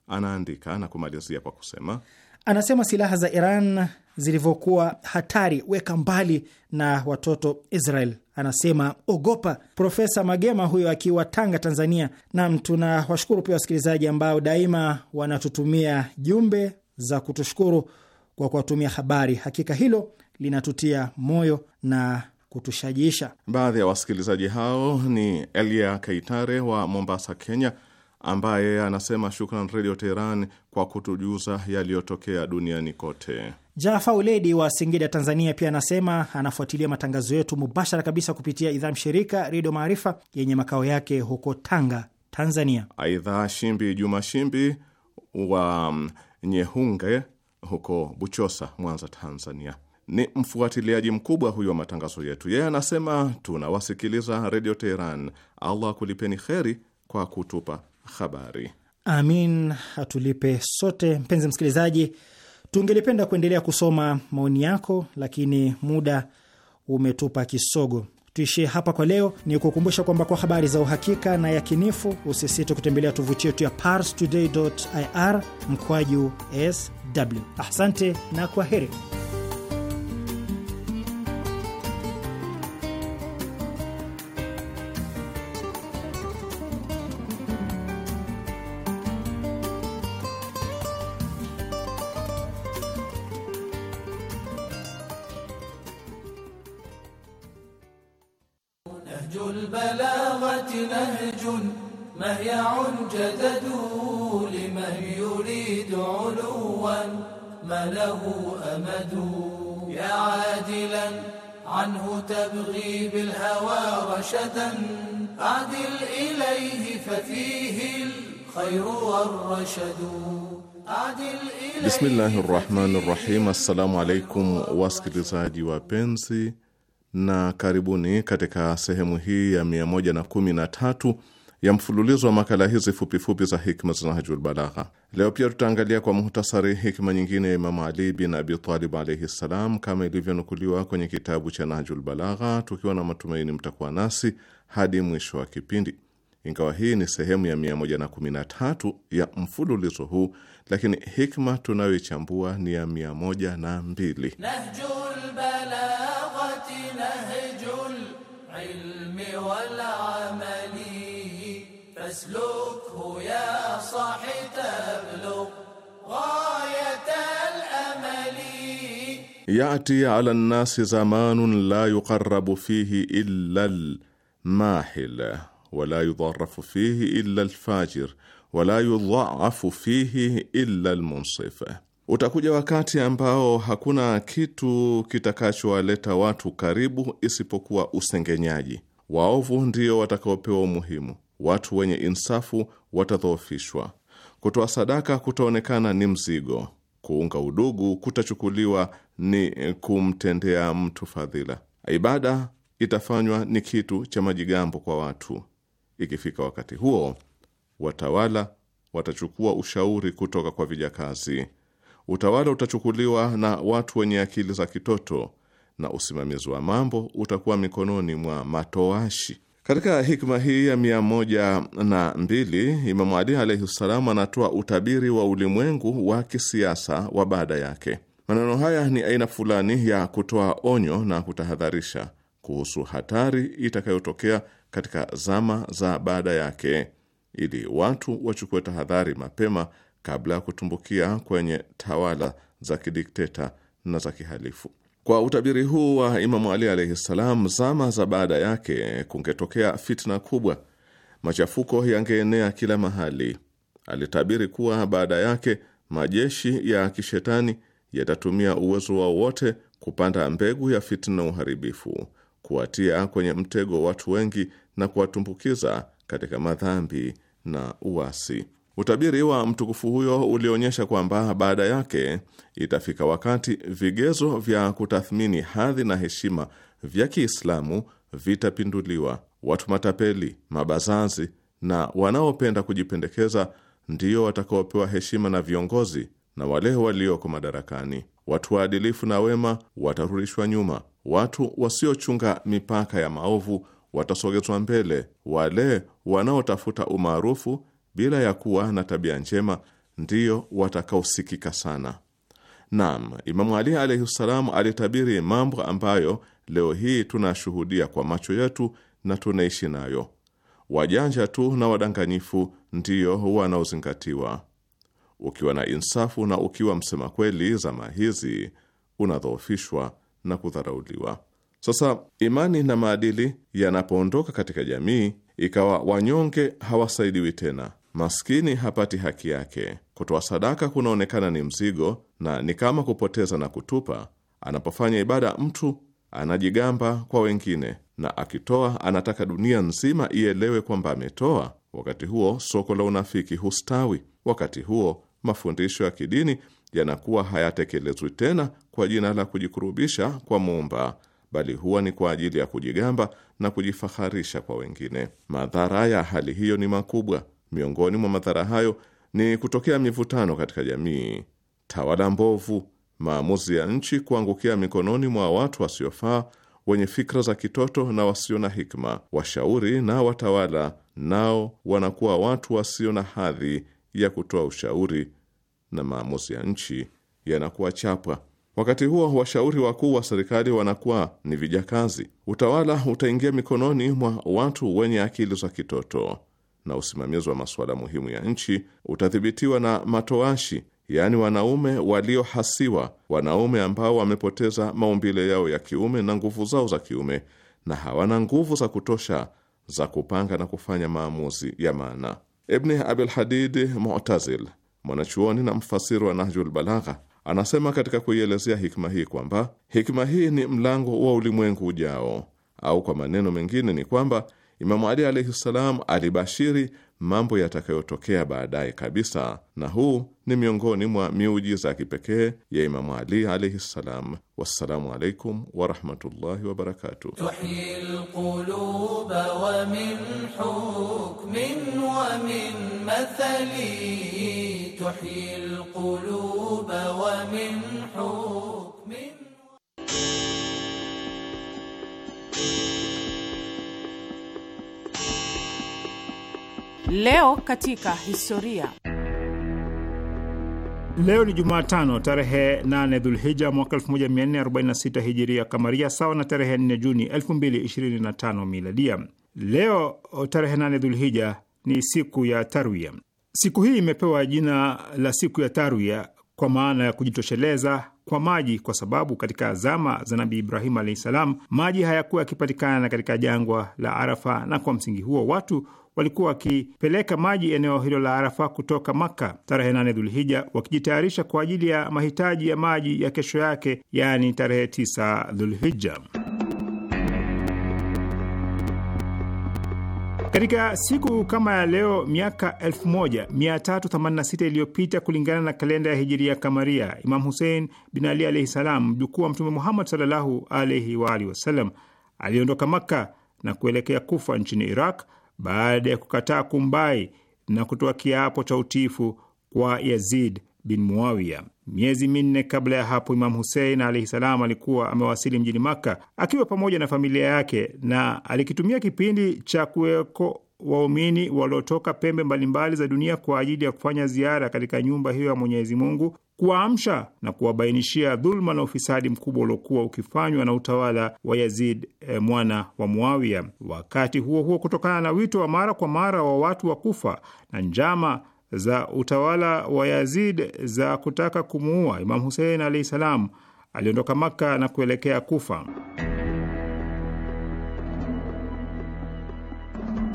anaandika na kumalizia kwa kusema Anasema silaha za Iran zilivyokuwa hatari, weka mbali na watoto Israel. Anasema ogopa. Profesa Magema huyo akiwa Tanga, Tanzania. Nam, tunawashukuru pia wasikilizaji ambao daima wanatutumia jumbe za kutushukuru kwa kuwatumia habari. Hakika hilo linatutia moyo na kutushajiisha. Baadhi ya wasikilizaji hao ni Elia Kaitare wa Mombasa, Kenya, ambaye anasema shukran Redio Teheran kwa kutujuza yaliyotokea duniani kote. Jafa Uledi wa Singida, Tanzania, pia anasema anafuatilia matangazo yetu mubashara kabisa kupitia idhaa mshirika Redio Maarifa yenye makao yake huko Tanga, Tanzania. Aidha, Shimbi Juma Shimbi wa mm, Nyehunge huko Buchosa, Mwanza, Tanzania, ni mfuatiliaji mkubwa huyo wa matangazo yetu. Yeye anasema tunawasikiliza Redio Teheran. Allah kulipeni kheri kwa kutupa habari. Amin atulipe sote. Mpenzi msikilizaji, tungelipenda kuendelea kusoma maoni yako, lakini muda umetupa kisogo. Tuishie hapa kwa leo. Ni kukumbusha kwamba kwa habari za uhakika na yakinifu usisite kutembelea tovuti yetu ya parstoday.ir mkwaju sw. Asante na kwa heri. مهيع جدد لمن يريد علوا ما له أمد يا عادلا عنه تبغي بالهوى رشدا أعدل إليه ففيه الخير والرشد Bismillahi rahmani rahim. Assalamu alaikum wasikilizaji wapenzi, na karibuni katika sehemu hii ya 113 ya mfululizo wa makala hizi fupifupi za hikma za Nahjul Balagha. Leo pia tutaangalia kwa muhtasari hikma nyingine ya Imamu Ali bin Abi Talib alaihi ssalam, kama ilivyonukuliwa kwenye kitabu cha Nahjul Balagha, tukiwa na matumaini mtakuwa nasi hadi mwisho wa kipindi. Ingawa hii ni sehemu ya 113 ya mfululizo huu, lakini hikma tunayoichambua ni ya 102 Nahjul Balagha, Nahjul ilmi wal مسلوكه يا صاحي تبلغ غاية الأمل يأتي على الناس زمان لا يقرب فيه إلا الماحل ولا يضرف فيه إلا الفاجر wala yudhaafu fihi illa المنصف utakuja wakati ambao hakuna kitu kitakachowaleta watu karibu isipokuwa usengenyaji. Waovu ndio watakaopewa umuhimu, watu wenye insafu watadhoofishwa, kutoa sadaka kutaonekana ni mzigo, kuunga udugu kutachukuliwa ni kumtendea mtu fadhila, ibada itafanywa ni kitu cha majigambo kwa watu. Ikifika wakati huo, watawala watachukua ushauri kutoka kwa vijakazi, utawala utachukuliwa na watu wenye akili za kitoto, na usimamizi wa mambo utakuwa mikononi mwa matoashi. Katika hikma hii ya mia moja na mbili Imamu Ali alaihi ssalam anatoa utabiri wa ulimwengu wa kisiasa wa baada yake. Maneno haya ni aina fulani ya kutoa onyo na kutahadharisha kuhusu hatari itakayotokea katika zama za baada yake, ili watu wachukue tahadhari mapema kabla ya kutumbukia kwenye tawala za kidikteta na za kihalifu. Kwa utabiri huu wa Imamu Ali alaihi ssalam, zama za baada yake kungetokea fitna kubwa, machafuko yangeenea kila mahali. Alitabiri kuwa baada yake majeshi ya kishetani yatatumia uwezo wao wote kupanda mbegu ya fitna uharibifu, kuwatia kwenye mtego watu wengi na kuwatumbukiza katika madhambi na uasi. Utabiri wa mtukufu huyo ulionyesha kwamba baada yake itafika wakati vigezo vya kutathmini hadhi na heshima vya Kiislamu vitapinduliwa. Watu matapeli, mabazazi na wanaopenda kujipendekeza ndio watakaopewa heshima na viongozi na wale walioko madarakani. Watu waadilifu na wema watarudishwa nyuma. Watu wasiochunga mipaka ya maovu watasogezwa mbele. Wale wanaotafuta umaarufu bila ya kuwa na tabia njema ndiyo watakaosikika sana. Naam, Imamu Ali alaihi ssalam alitabiri mambo ambayo leo hii tunashuhudia kwa macho yetu na tunaishi nayo. Wajanja tu na wadanganyifu ndiyo wanaozingatiwa. Ukiwa na insafu na ukiwa msema kweli, zama hizi unadhoofishwa na kudharauliwa. Sasa imani na maadili yanapoondoka katika jamii, ikawa wanyonge hawasaidiwi tena, maskini hapati haki yake. Kutoa sadaka kunaonekana ni mzigo na ni kama kupoteza na kutupa. Anapofanya ibada, mtu anajigamba kwa wengine, na akitoa anataka dunia nzima ielewe kwamba ametoa. Wakati huo soko la unafiki hustawi. Wakati huo mafundisho ya kidini yanakuwa hayatekelezwi tena kwa jina la kujikurubisha kwa Muumba, bali huwa ni kwa ajili ya kujigamba na kujifaharisha kwa wengine. Madhara ya hali hiyo ni makubwa. Miongoni mwa madhara hayo ni kutokea mivutano katika jamii, tawala mbovu, maamuzi ya nchi kuangukia mikononi mwa watu wasiofaa, wenye fikra za kitoto na wasio na hikma. Washauri na watawala nao wanakuwa watu wasio na hadhi ya kutoa ushauri na maamuzi ya nchi yanakuwa chapa. Wakati huo washauri wakuu wa serikali wanakuwa ni vijakazi. Utawala utaingia mikononi mwa watu wenye akili za kitoto na usimamizi wa masuala muhimu ya nchi utadhibitiwa na matoashi, yaani wanaume waliohasiwa, wanaume ambao wamepoteza maumbile yao ya kiume na nguvu zao za kiume na hawana nguvu za kutosha za kupanga na kufanya maamuzi ya maana. ibn Abil Hadid Mu'tazil, mwanachuoni na mfasiri wa Nahjul Balagha, anasema katika kuielezea hikma hii kwamba hikma hii ni mlango wa ulimwengu ujao, au kwa maneno mengine ni kwamba Imamu Ali alaihi ssalam alibashiri mambo yatakayotokea baadaye kabisa, na huu ni miongoni mwa miujiza ya kipekee ya Imamu Ali alaihi ssalam. Wassalamu alaikum warahmatullahi wabarakatuh. wa min Leo katika historia. Leo ni Jumatano tarehe 8 Dhulhija mwaka 1446 hijiria kamaria, sawa na tarehe 4 Juni 2025 miladia. Leo tarehe 8 Dhulhija ni siku ya Tarwia. Siku hii imepewa jina la siku ya Tarwia kwa maana ya kujitosheleza kwa maji, kwa sababu katika zama za Nabii Ibrahimu alahi salam maji hayakuwa yakipatikana katika jangwa la Arafa, na kwa msingi huo watu walikuwa wakipeleka maji eneo hilo la Arafa kutoka Makka tarehe nane Dhulhija, wakijitayarisha kwa ajili ya mahitaji ya maji ya kesho yake, yaani tarehe tisa Dhulhija. Katika siku kama ya leo miaka 1386 iliyopita kulingana na kalenda ya hijiria kamaria, Imam husein bin Ali alaihi salam, mjukuu wa Mtume Muhammad sallallahu alaihi waalihi wasallam, aliondoka Makka na kuelekea Kufa nchini Iraq baada ya kukataa kumbai na kutoa kiapo cha utiifu kwa Yazid bin Muawiya. Miezi minne kabla ya hapo, Imam Husein alaihi salam alikuwa amewasili mjini Makka akiwa pamoja na familia yake, na alikitumia kipindi cha kuweko waumini waliotoka pembe mbalimbali za dunia kwa ajili ya kufanya ziara katika nyumba hiyo ya Mwenyezi Mungu kuwaamsha na kuwabainishia dhuluma na ufisadi mkubwa uliokuwa ukifanywa na utawala wa Yazid e, mwana wa Muawia. Wakati huo huo, kutokana na wito wa mara kwa mara wa watu wa Kufa na njama za utawala wa Yazid za kutaka kumuua Imam Husein alahi salam, aliondoka Maka na kuelekea Kufa.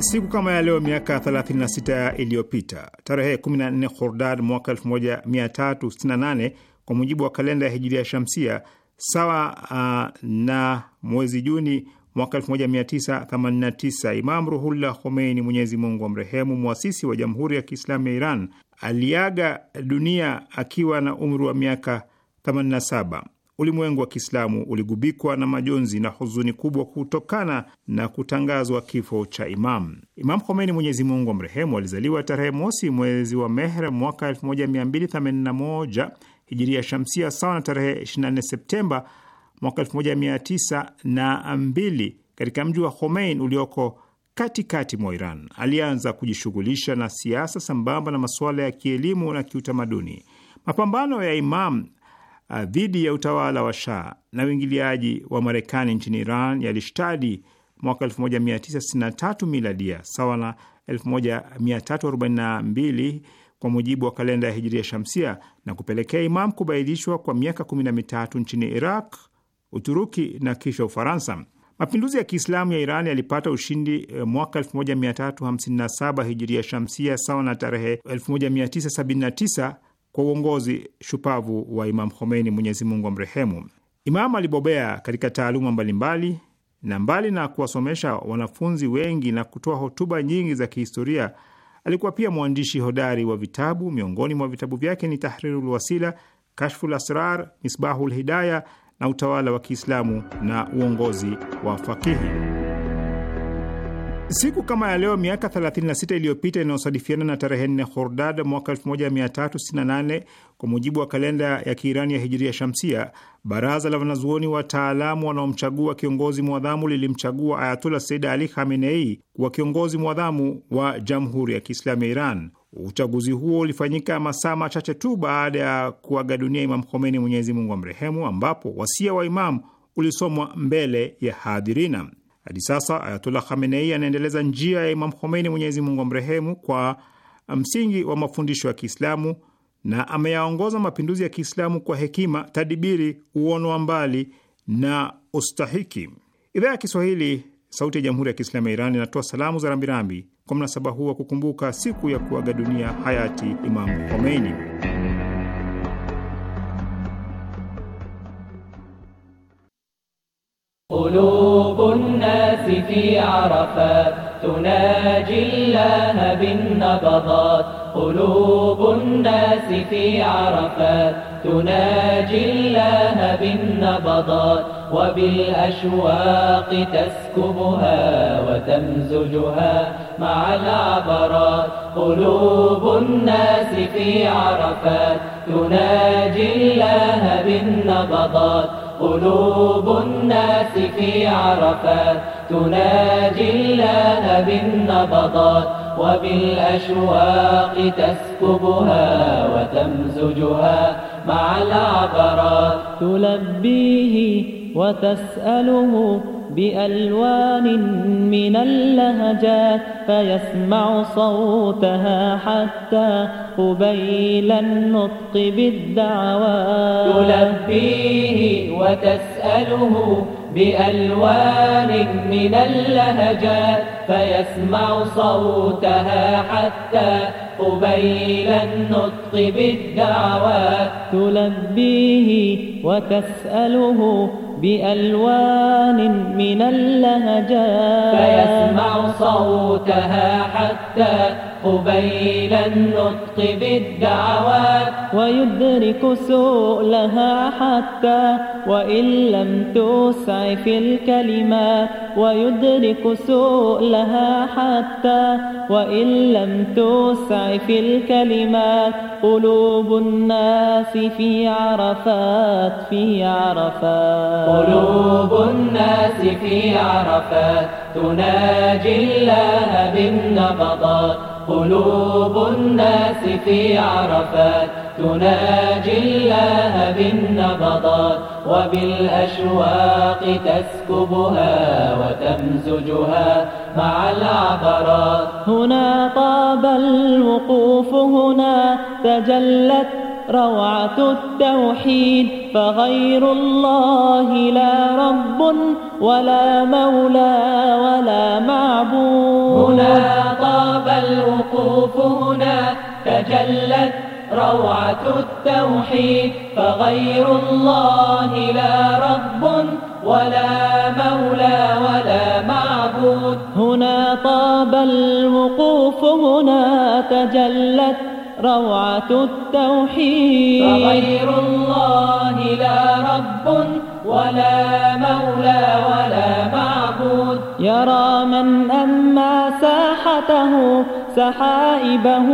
Siku kama ya leo miaka 36 iliyopita, tarehe 14 Khordad mwaka 1368 kwa mujibu wa kalenda ya Hijiria Shamsia, sawa uh, na mwezi Juni mwaka 1989, Imam Ruhullah Khomeini, Mwenyezi Mungu wa mrehemu, mwasisi wa Jamhuri ya Kiislamu ya Iran, aliaga dunia akiwa na umri wa miaka 87 ulimwengu wa Kiislamu uligubikwa na majonzi na huzuni kubwa kutokana na kutangazwa kifo cha Imam Imam Khomeini, Mwenyezi Mungu amrehemu. Alizaliwa tarehe mosi mwezi wa Mehr mwaka 1281 hijiria shamsia, sawa na tarehe 24 Septemba mwaka 1902 katika mji wa Khomein ulioko katikati mwa Iran. Alianza kujishughulisha na siasa sambamba na masuala ya kielimu na kiutamaduni. Mapambano ya Imam Uh, dhidi ya utawala wa Shah na uingiliaji wa Marekani nchini Iran yalishtadi mwaka 1963 miladia sawa na 1342 kwa mujibu wa kalenda ya hijiria shamsia na kupelekea Imam kubaidishwa kwa miaka 13 nchini Iraq, Uturuki na kisha Ufaransa. Mapinduzi ya Kiislamu ya Iran yalipata ushindi eh, mwaka 1357 hijiria shamsia sawa na tarehe 1979 kwa uongozi shupavu wa Imam Khomeini, Mwenyezi Mungu amrehemu. Imam alibobea katika taaluma mbalimbali na mbali na kuwasomesha wanafunzi wengi na kutoa hotuba nyingi za kihistoria, alikuwa pia mwandishi hodari wa vitabu. Miongoni mwa vitabu vyake ni Tahrirul Wasila, Kashful Asrar, Misbahul Hidaya na Utawala wa Kiislamu na Uongozi wa Fakihi. Siku kama ya leo miaka 36 iliyopita inayosadifiana na tarehe 4 hordad mwaka 1368 kwa mujibu wa kalenda ya Kiirani ya hijiria shamsia, baraza la wanazuoni wataalamu wanaomchagua kiongozi mwadhamu lilimchagua Ayatullah Said Ali Khamenei kuwa kiongozi mwadhamu wa Jamhuri ya Kiislamu ya Iran. Uchaguzi huo ulifanyika masaa machache tu baada ya kuaga dunia Imam Khomeini, Mwenyezi Mungu amrehemu, ambapo wasia wa imamu ulisomwa mbele ya hadhirina. Hadi sasa Ayatullah Khamenei anaendeleza njia ya Imam Khomeini, Mwenyezi Mungu amrehemu, kwa msingi wa mafundisho ya Kiislamu na ameyaongoza mapinduzi ya Kiislamu kwa hekima, tadibiri, uono wa mbali na ustahiki. Idhaa ya Kiswahili Sauti ya Jamhuri ya Kiislamu ya Iran inatoa salamu za rambirambi kwa mnasaba huu wa kukumbuka siku ya kuaga dunia hayati Imam Khomeini. قلوب الناس في عرفات تناجي الله بالنبضات قلوب الناس في عرفات تناجي الله بالنبضات وبالأشواق تسكبها وتمزجها مع العبرات قلوب الناس في عرفات تناجي الله بالنبضات قلوب الناس في عرفات تناجي الله بالنبضات وبالأشواق تسكبها وتمزجها مع العبرات تلبيه وتسأله بألوان من اللهجات فيسمع صوتها حتى قبيل النطق بالدعوات تلبيه وتسأله بألوان من اللهجات فيسمع صوتها حتى قبيل النطق بالدعوات تلبيه وتسأله بألوان من اللهجات فيسمع صوتها حتى قبيل النطق بالدعوات ويدرك سؤلها حتى وإن لم توسع في الكلمات ويدرك سؤلها حتى وإن لم توسع في الكلمات قلوب الناس في عرفات في عرفات قلوب الناس في عرفات تناجي الله بالنبضات قلوب الناس في عرفات تناجي الله بالنبضات وبالأشواق تسكبها وتمزجها مع العبرات هنا طاب الوقوف هنا تجلت روعة التوحيد فغير الله لا رب ولا مولى ولا معبود هنا طاب الوقوف هنا تجلت روعة التوحيد فغير الله لا رب ولا مولى ولا معبود هنا طاب الوقوف هنا تجلت روعة التوحيد فغير الله لا رب ولا مولى ولا معبود يرى من أما ساحته سحائبه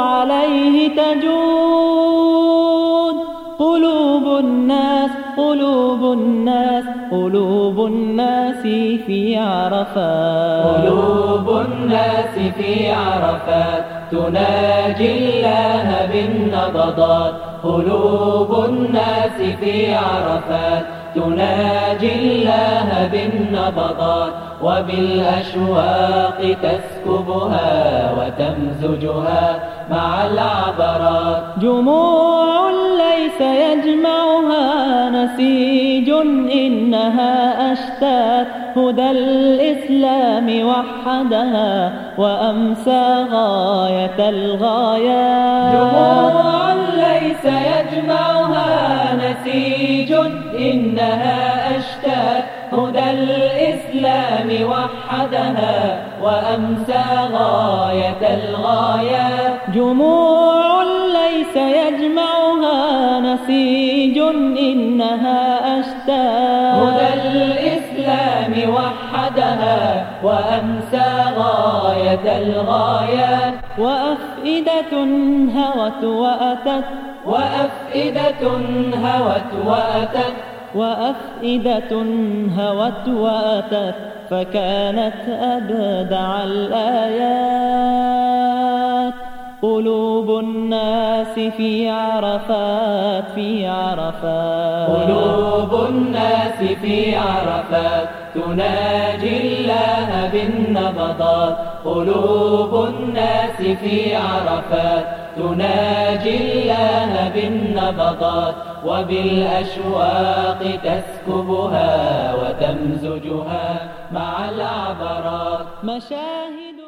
عليه تجود قلوب الناس قلوب الناس قلوب الناس في عرفات قلوب الناس في عرفات تناجي الله بالنبضات قلوب الناس في عرفات تناجي الله بالنبضات وبالأشواق تسكبها وتمزجها مع العبرات جموع ليس يجمعها نسيج إنها أشتات هدى الإسلام وحدها وأمسى غاية الغايات جموع ليس يجمعها نسيج إنها أشتات هدى الإسلام وحدها وأمسى غاية الغايات جموع ليس يجمعها نسيج إنها أشتات هدى الإسلام وحدها وأمسى غاية الغايات وأفئدة هوت وأتت وأفئدة هوت وأتت وأفئدة هوت وأتت فكانت أبدع الآيات قلوب الناس في عرفات في عرفات قلوب الناس في عرفات تناجي الله بالنبضات قلوب الناس في عرفات تناجي الله بالنبضات وبالأشواق تسكبها وتمزجها مع العبرات مشاهد